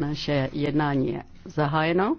Naše jednání je zahájeno.